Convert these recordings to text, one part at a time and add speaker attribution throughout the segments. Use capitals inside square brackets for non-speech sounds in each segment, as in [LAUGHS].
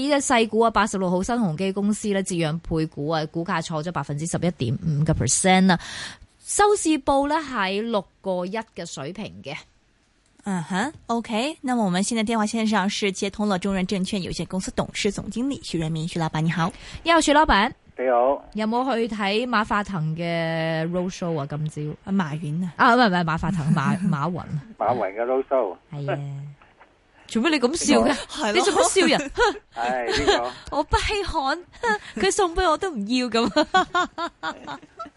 Speaker 1: 依隻細股啊，八十六號新鴻基公司咧，自願配股啊，股價挫咗百分之十一點五
Speaker 2: 嘅 percent 啊。收市報咧喺六個一嘅水平嘅。嗯吓 OK 那麼我們現在電話線上是接通了中潤證券有限公司董事總經理徐潤民徐老闆，你好。你好，徐老闆。你好。你好，有冇去睇馬化騰
Speaker 1: 嘅 roadshow 啊？今朝啊，馬雲啊，啊，唔係唔係馬化騰，馬 [LAUGHS] 馬雲、啊。馬雲嘅
Speaker 3: roadshow。係啊、哎呦。 [LAUGHS]
Speaker 1: 除非你咁笑嘅？你仲好笑人？
Speaker 3: 唉，
Speaker 2: 我不稀罕，佢送俾我都唔要咁。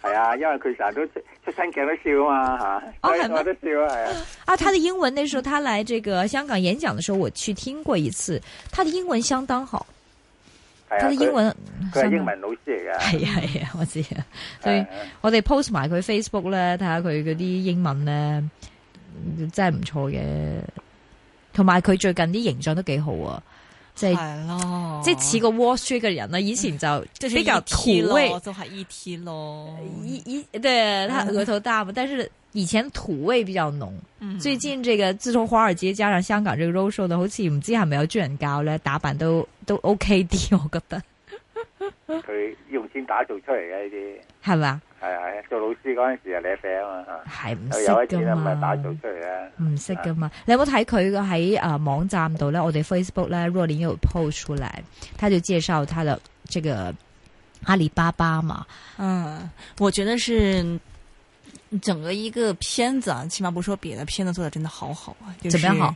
Speaker 2: 係 [LAUGHS] [LAUGHS] 啊，因
Speaker 3: 為佢成日都出出新劇都笑嘛，啊嘛吓，我都笑係
Speaker 2: 啊。啊，他的
Speaker 1: 英文那時候他來這個香港演講嘅時候，我去聽過一次，他的英文相當好。係啊，
Speaker 3: 他的英文佢係英文老師嚟嘅，係係
Speaker 1: 啊，啊，我知啊，啊所以我哋 post 埋佢 Facebook 咧，睇下佢嗰啲英文咧，真係唔錯嘅。同埋佢最近啲形象都幾好啊，即係即係似個 Wall Street 嘅人咧。以前就即比較土味，
Speaker 2: 仲係 ET 咯，一、就、一、是 e e e, e, 對，他額頭
Speaker 1: 大嘛、嗯、但是以前土味比較濃。嗯、最近這個自從華爾街加上香港這個 road show，好似唔知係咪有專人教咧，打扮都都 OK 啲，我覺得。佢
Speaker 3: 用錢打造出嚟嘅呢啲係咪？係係。吧知嗰陣時啊，你阿表啊嘛，係唔識噶嘛，又
Speaker 1: 開始咧咪打造出嚟咧，唔識噶嘛。你有冇睇佢嘅喺啊網站度咧？我哋 Facebook 咧，Rolly 有 post 出來，
Speaker 2: 佢就介紹佢嘅這個阿里巴巴嘛。嗯，我覺得是整個一個片子啊，起碼不說別的，片子做得真的好好啊，就是，怎麼樣好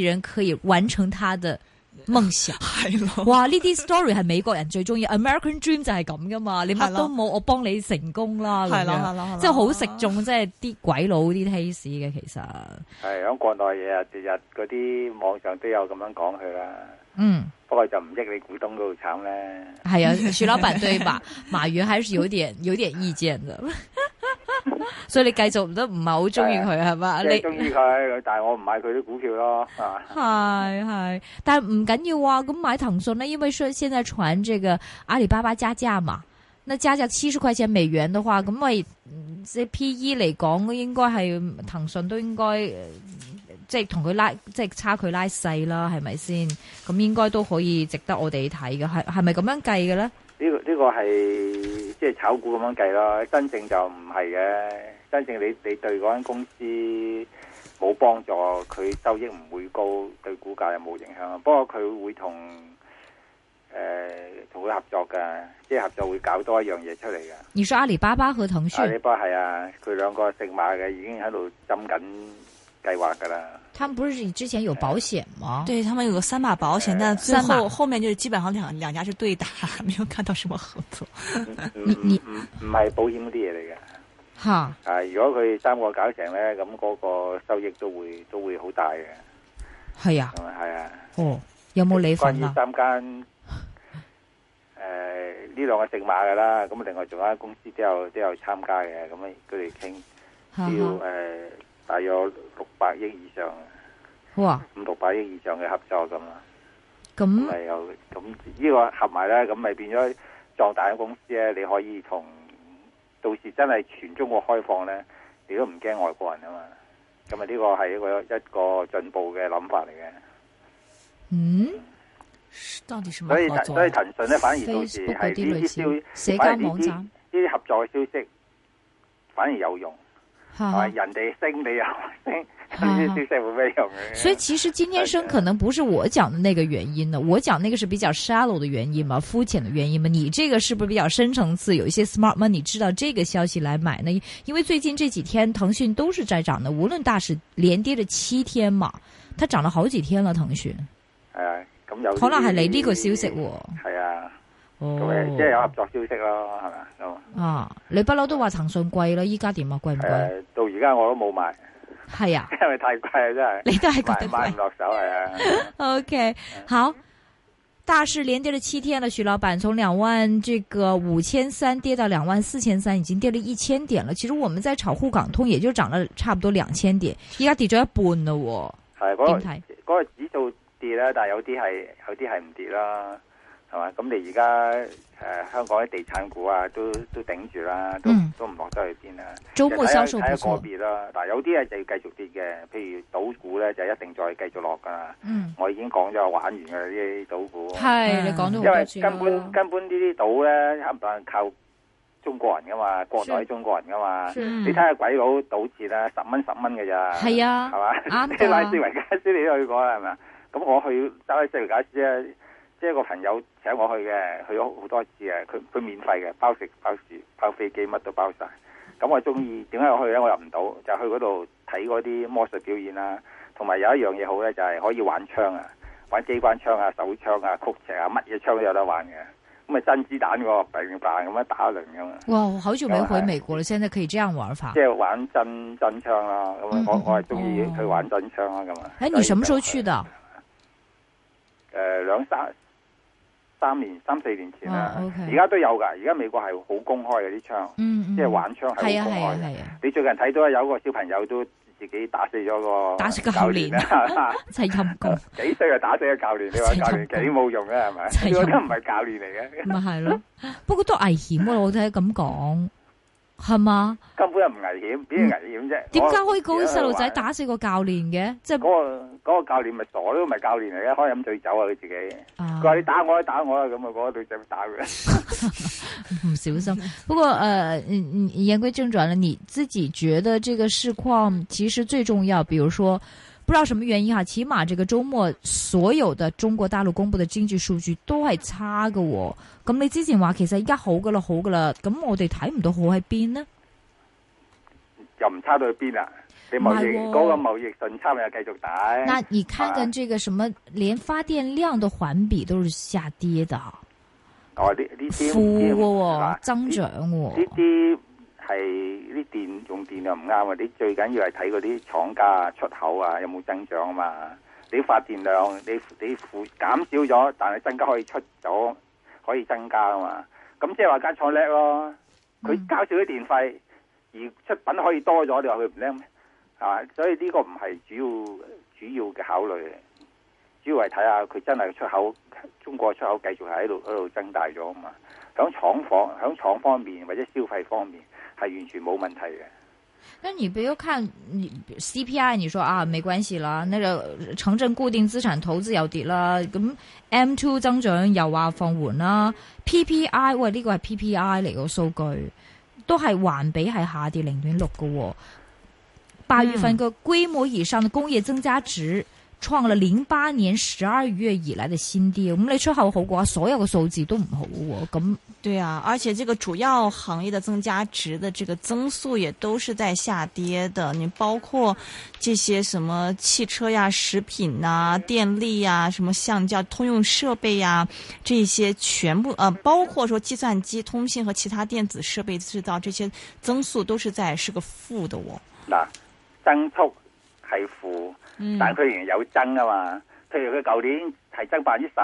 Speaker 1: 人可以完成他的夢想，係咯，哇呢啲 story 係美國人最中意，American Dream 就係咁噶嘛，你乜都冇，我幫你成功啦，係啦即係好食中即係啲鬼佬啲 taste 嘅其實，係
Speaker 3: 響國內日日嗰啲網上都有咁樣講佢啦，嗯，嗯不過就唔益你股東嗰度慘咧，係啊，徐老闆對
Speaker 1: 馬馬雲還是有點 [LAUGHS] 有點意見嘅。 [LAUGHS] 所以你繼續都唔係好中意佢係嘛？你係中意
Speaker 3: 佢，但係我唔買佢啲股票咯，
Speaker 1: 係係。但係唔緊要啊！咁買騰訊呢，因為說現在傳這個阿里巴巴加價嘛，那加價七十塊錢美元的話，咁咪即 PE 嚟講，應該係騰訊都應該即係同佢拉，即係差距拉細啦，係咪先？咁應該都可以值得我哋睇嘅，係係咪咁樣計嘅咧？
Speaker 3: 呢、這個呢、這個係即係炒股咁樣計咯，真正就唔係嘅。真正你你對嗰間公司冇幫助，佢收益唔會高，對股價又冇影響。不過佢會同誒、呃、同佢合作嘅，即係合作會搞多一樣嘢出嚟嘅。
Speaker 1: 你說阿里巴巴
Speaker 2: 和騰訊？阿里
Speaker 3: 巴巴係啊，佢兩個姓馬嘅已經喺度斟緊計劃噶啦。
Speaker 2: 他們不是之前有保險嗎？啊、對他們有個三馬保險，但最後後面就是基本上兩兩家是對打，沒有看到什麼合作。唔唔
Speaker 3: 唔係保險嗰啲嘢嚟嘅。吓哈！啊，如果佢三個搞成咧，咁嗰個收益都會都會好大嘅。
Speaker 1: 係啊，係、嗯、啊。哦，有冇理分啊？三
Speaker 3: 間誒呢兩個姓馬嘅啦，咁另外仲有間公司都有都有參加嘅，咁佢哋傾
Speaker 1: 要誒。呃
Speaker 3: 大約六百億以上，
Speaker 1: 哇！
Speaker 3: 五六百億以上嘅合作咁啊，
Speaker 1: 咁係
Speaker 3: 有咁呢個合埋咧，咁咪變咗壯大嘅公司咧？你可以同到時真係全中國開放咧，你都唔驚外國人啊嘛！咁啊，呢個係一個一個進步嘅諗法嚟嘅。嗯，到所以騰所以騰訊咧，反而到時係呢啲社交網站呢啲合作嘅消息，反而有用。啊啊、人哋升你又升，有有所以其實今天升可
Speaker 1: 能不是我講的那個原因呢，啊、我講那個是比較 shallow 的原因嘛，膚淺的原因嘛。你這個是不是比較深層次，有一些 smart money 知道這個消息來買呢？呢因為最近這幾天騰訊都是在漲的，無論大市連跌咗七天嘛，它漲了好幾天了。騰訊
Speaker 3: 係啊，咁、嗯、可能係你呢個
Speaker 1: 消息，係啊。哦，即係有合
Speaker 3: 作消息咯，係咪？哦，是不是 no. 啊、你說
Speaker 1: 長貴不嬲都話騰訊貴啦，依家點啊貴唔貴？
Speaker 3: 到而家我都冇買。
Speaker 1: 係啊，因
Speaker 3: 為太貴啊，真係。你都係覺得貴？買唔落手係啊。 [LAUGHS] o、
Speaker 1: okay, K，好，大市連跌咗七天啦，徐老闆從兩萬這個五千三跌到兩萬四千三，已經跌咗一千點啦。其實我們在炒滬港通，也就漲咗差唔多兩千點，依家跌咗一半咯喎。係嗰、那個點睇？
Speaker 3: 嗰個指數跌啦，但係有啲係有啲係唔跌啦。係嘛？咁你而家誒香港啲地產股啊，都都頂住啦，都都唔落得去邊啊。周末銷售唔錯。睇個別啦，嗱，有啲啊就要繼續跌嘅，譬如賭股咧就一定再繼續落噶。嗯，我已經講咗玩完嘅呢啲賭股。係你講咗好專注。因為根本根本呢啲賭咧，差唔多係靠中國人噶嘛，國內中國人噶嘛。嗯。你睇下鬼佬賭錢啦，十蚊十蚊嘅咋？係啊。係嘛？啱啊。你拉斯維加斯你都去過啦，係嘛？咁我去走去西維加斯啊！即係個朋友請我去嘅，去咗好多次啊。佢佢免費嘅，包食包住包飛機，乜都包晒。咁我中意，點解我去咧？我入唔到，就去嗰度睇嗰啲魔術表演啦、啊。同埋有一樣嘢好咧，就係、是、可以玩槍啊，玩機關槍啊、手槍啊、曲尺啊，乜嘢槍都有得玩嘅。咁啊真子彈喎，白面彈咁樣打一輪咁啊。哇！
Speaker 1: 我好久沒回美國了，就是、現在可以這樣玩法。即係
Speaker 3: 玩真真槍啦、啊，咁我、嗯嗯嗯、我係中意去玩真槍啦咁啊。哎，你什麼時候去的？誒、呃，兩三。三年三四年前啊，而家都有噶。而家美國係好公開嘅啲槍，即係玩槍係公開嘅。你最近睇到有個小朋友都自己打死咗個教練啊！真係陰功， [LAUGHS] [LAUGHS] [LAUGHS] 幾歲就打死個教練？你話教練幾冇用嘅係咪？呢個根本
Speaker 1: 唔係教練嚟嘅。咪係咯，不過都危險喎。我都係咁講。係嘛？嗎根本又唔危險，邊、嗯、危險啫？點解可以告啲細路仔打死個教練
Speaker 3: 嘅？即係嗰個、就是、個教練咪袋都唔係教練嚟嘅，開飲醉酒啊佢自己。佢話、啊、你打我啊打我啊咁啊嗰個女仔咪打佢。
Speaker 1: 唔 [LAUGHS] 小心。不過誒、呃，言歸正傳啦，你自己覺得這個事況其實最重要，比如說。不知道什麼原因啊，起碼這個周末所有的中國大陸公布的經濟數據都係差嘅，哦。咁你之前話其實而家好噶啦，好噶啦，咁我哋睇唔到好喺邊呢？
Speaker 3: 又唔差到去邊啊？你貿易嗰，哦，個貿易順差咪繼續大。那你看看
Speaker 1: 這個什麼，連發電量都環比都是下跌的。哦，呢
Speaker 3: 呢啲。負增長喎，哦。呢啲係。這些電用電量唔啱，你最緊要係睇嗰啲廠家啊、出口啊有冇增長啊嘛？你發電量你你負，減少咗，但係增加可以出咗，可以增加啊嘛？咁即係話間廠叻咯，佢交少啲電費而出品可以多咗，你話佢唔叻咩？係嘛？所以呢個唔係主要主要嘅考慮。主要係睇下佢真係出口，中國出口繼續喺度喺度增大咗啊嘛！響廠房響廠方面或者消費方面係完全冇問題
Speaker 1: 嘅。那你比如看 CPI，你說啊，沒關係啦，呢、那個城鎮固定資產投資又跌啦，咁 M2 增長又話放緩啦，PPI 喂呢、這個係 PPI 嚟個數據，都係環比係下跌零點六個喎。八月份個規模以上嘅工業增加值。嗯創了零八年十二月以來的新低，我們出口好過啊，所有嘅數字都唔好喎。咁
Speaker 2: 對啊，而且這個主要行業的增加值的這個增速也都是在下跌的。你包括這些什麼汽車呀、食品啊、電力呀、啊、什麼橡膠、通用設備呀、啊，這些全部，呃，包括說計算機、通信和其他電子設備製造這些增速都是在是個負的哦。
Speaker 3: 嗱，增速係負。嗯、但佢仍然有增啊嘛，譬如佢舊年係增百分之十，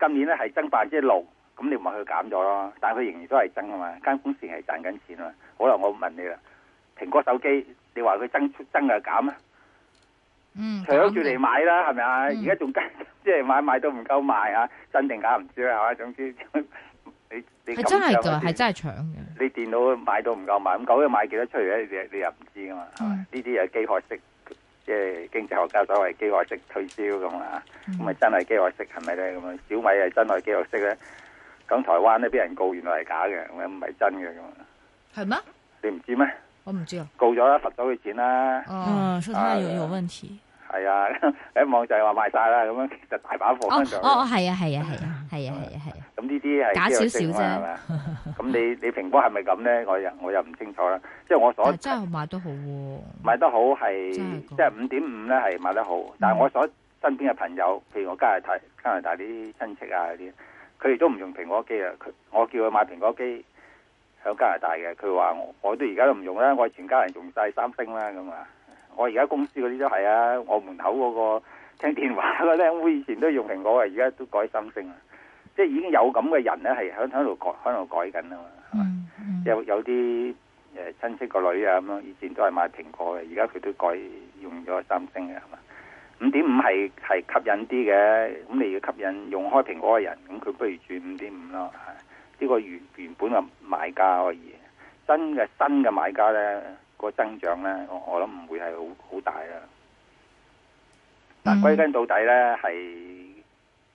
Speaker 3: 今年咧係增百分之六，咁你咪去減咗咯。但佢仍然都係增啊嘛，間公司係賺緊錢啊嘛。好啦，我問你啦，蘋果手機你話佢增出增又減啊？嗯，搶住嚟買啦，係咪啊？而家仲加即係買買到唔夠賣啊，真定假唔知啦，係嘛？總之你你係真係噶，係
Speaker 1: 真係搶嘅。
Speaker 3: 你電腦買到唔夠賣，咁究竟賣幾多出嚟咧？你你又唔知噶嘛？係呢啲又機學式。即係經濟學家所謂飢餓式推銷咁啊，唔係、嗯、真係飢餓式係咪咧？咁啊小米係真係飢餓式咧，咁台灣咧俾人告原來係假嘅，咁唔係真嘅咁啊？
Speaker 1: 係咩？你唔知咩？我唔知。
Speaker 3: 告咗啦，罰咗佢錢啦。哦，說他有、啊、有問題。係啊，喺網上話賣晒啦，咁樣其實大把貨跟住。啊，哦，係啊係啊係啊係啊
Speaker 1: 係啊，
Speaker 3: 咁呢啲係假少少啫，係嘛？咁你你蘋果係咪咁咧？我又我又唔清楚啦。即係我所
Speaker 1: 真係
Speaker 3: 賣得好，賣得好係即係五點五咧，係賣得好。但係我所身邊嘅朋友，譬如我加拿大加拿大啲親戚啊嗰啲，佢哋都唔用蘋果機啊。佢我叫佢買蘋果機，響加拿大嘅，佢話我我都而家都唔用啦，我係全家人用晒三星啦咁啊。我而家公司嗰啲都係啊，我門口嗰個聽電話嗰咧，我以前都用蘋果啊，而家都改三星啊。即係已經有咁嘅人咧，係響響度改響度改緊啊嘛。Mm hmm. 有有啲誒親戚個女啊咁樣，以前都係買蘋果嘅，而家佢都改用咗三星嘅係嘛。五點五係係吸引啲嘅，咁你要吸引用開蘋果嘅人，咁佢不如轉五點五咯。呢個原原本嘅買家可以，真嘅新嘅買家咧。個增長咧，我我諗唔會係好好大啦。嗱，歸根到底咧，係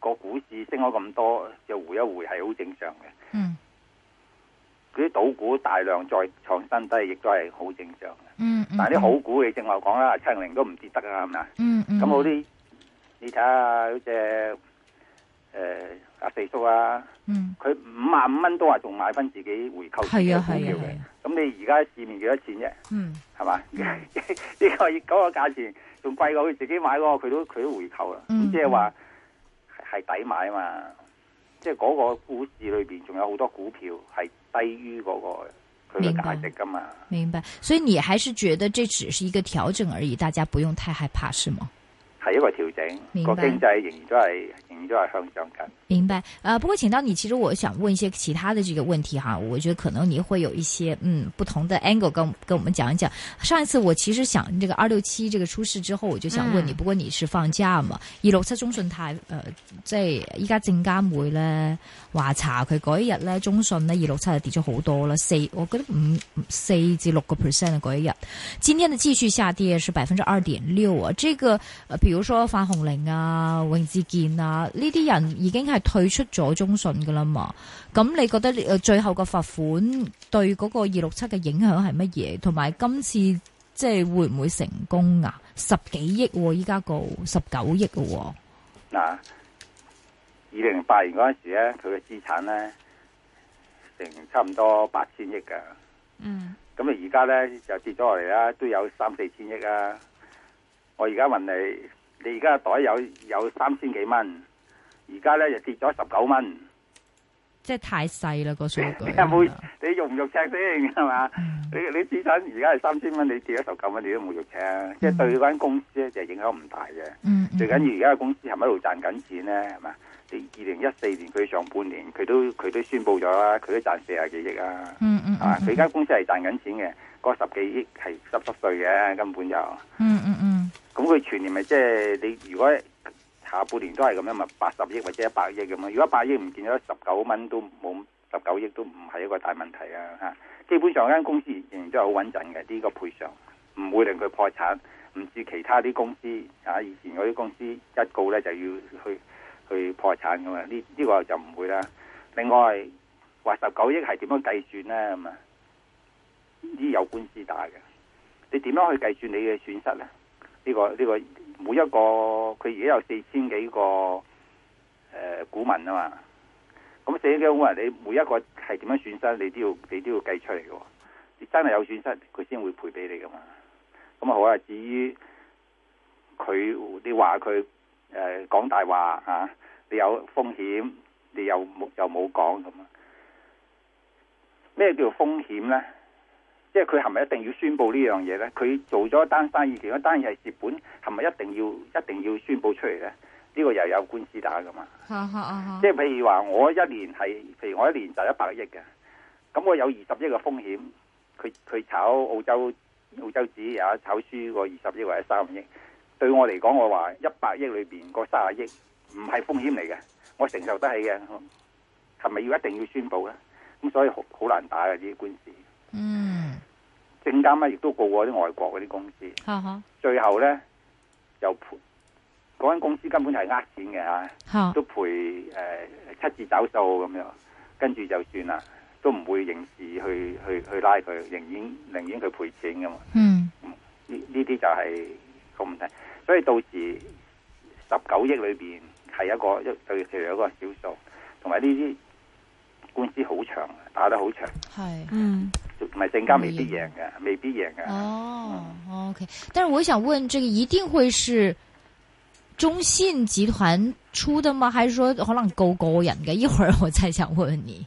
Speaker 3: 個股市升咗咁多，就回一回係好正常嘅。嗯，嗰啲賭股大量再創新低，亦都係好正常嘅。嗯嗯，但係啲好股，你正話講啦，七零零都唔跌得啊，係咪啊？嗯嗯，咁好啲，你睇下嗰隻。誒，阿、呃、四叔啊，佢五萬五蚊都話仲買翻自己回購嘅股票嘅，咁你而家市面幾多錢啫？嗯，係嘛是吧？呢 [LAUGHS] 個嗰個價錢仲貴過佢自己買咯，佢都佢都回購啦。嗯、即係話係抵買啊嘛，即係嗰個股市裏邊仲有好多股票係低於嗰個佢嘅價值噶嘛。
Speaker 1: 明白，所以你還是覺得這只是一個調整而已，大家不用太害怕，是嗎？
Speaker 3: 整個經濟仍然都係，仍然都係向上緊。
Speaker 1: 明白，啊、呃，不過請到你，其實我想問一些其他的這個問題哈，我覺得可能你會有一些嗯不同的 angle 跟跟我們講一講。上一次我其實想，這個二六七這個出事之後，我就想問你，不過你是放假嘛？二、嗯、六七中信泰，佢、呃，即係而家證監會呢，話查佢嗰一日呢，中信呢，二六七就跌咗好多啦，四，我覺得五四至六個 percent 嘅嗰一日。今天嘅繼續下跌是百分之二點六啊，這個，誒、呃，比如說范鴻齡啊、榮智健啊呢啲人已經退出咗中信噶啦嘛，咁你覺得最後個罰款對嗰個二六七嘅影響係乜嘢？同埋今次即係會唔會成功啊？十幾億依家個十九億嘅，嗱、
Speaker 3: 哦，二零零八年嗰陣時咧，佢嘅資產咧成差唔多八千億噶，嗯，咁啊而家咧就跌咗落嚟啦，都有三四千億啊。我而家問你，你而家袋有有三千幾蚊？而家咧就跌咗十九蚊，
Speaker 1: 即係太細啦個數。你有冇你
Speaker 3: 肉唔肉赤先係嘛？你你資產而家係三千蚊，你跌咗十九蚊，你都冇肉赤。嗯、即係對嗰間公司咧就是、影響唔大嘅。嗯嗯最緊要而家嘅公司係咪一路賺緊錢咧？係嘛？二零一四年佢上半年佢都佢都宣布咗啦，佢都賺四廿幾億啊。啊、嗯嗯嗯嗯，佢間公司係賺緊錢嘅，嗰、那個、十幾億係濕濕碎嘅根本就。嗯嗯嗯。咁佢全年咪即係你如果？下半年都係咁樣嘛，八十億或者一百億咁啊。如果一百億唔見咗，十九蚊都冇，十九億都唔係一個大問題啊！吓，基本上間公司仍然都係好穩陣嘅，呢個賠償唔會令佢破產，唔似其他啲公司啊，以前嗰啲公司一告咧就要去去破產噶嘛。呢呢個就唔會啦。另外，話十九億係點樣計算呢？咁啊，呢有官司打嘅，你點樣去計算你嘅損失呢？呢個呢個。每一個佢而家有四千幾個誒、呃、股民啊嘛，咁、嗯、四千幾個股民你每一個係點樣損失，你都要你都要計出嚟㗎、啊。你真係有損失，佢先會賠俾你噶嘛。咁、嗯、啊好啊，至於佢你話佢誒講大話啊，你有風險，你又冇又冇講咁啊？咩、嗯、叫風險咧？即係佢係咪一定要宣布呢樣嘢呢？佢做咗單生意，如果單嘢係蝕本，係咪一定要一定要宣布出嚟呢？呢、呢個又有官司打噶嘛？ [LAUGHS] 即係譬如話我一年係，譬如我一年就一百億嘅，咁我有二十億嘅風險，佢佢炒澳洲澳洲紙啊，炒輸個二十億或者三十億，對我嚟講，我話一百億裏邊嗰三十億唔係風險嚟嘅，我承受得起嘅，係咪要一定要宣布呢？咁所以好，好難打嘅呢啲官司。嗯。 [LAUGHS] 證監咧亦都告過啲外國嗰啲公司，啊、哈最後咧又賠嗰間公司根本係、啊、呃錢嘅吓，都賠誒七字找數咁樣，跟住就算啦，都唔會刑事去去去拉佢，仍然寧願去賠錢噶嘛。嗯，呢呢啲就係個問題，所以到時十九億裏邊係一個一，對其有一個小數，同埋呢啲官司好長，打得好長。
Speaker 2: 係，
Speaker 3: 嗯。唔係陣間，未必贏
Speaker 1: 嘅，未必贏嘅。哦，OK、嗯、但是我想問，這個一定會是中信集團出的嗎？還是說可能勾勾人嘅？一會兒我再想問問你。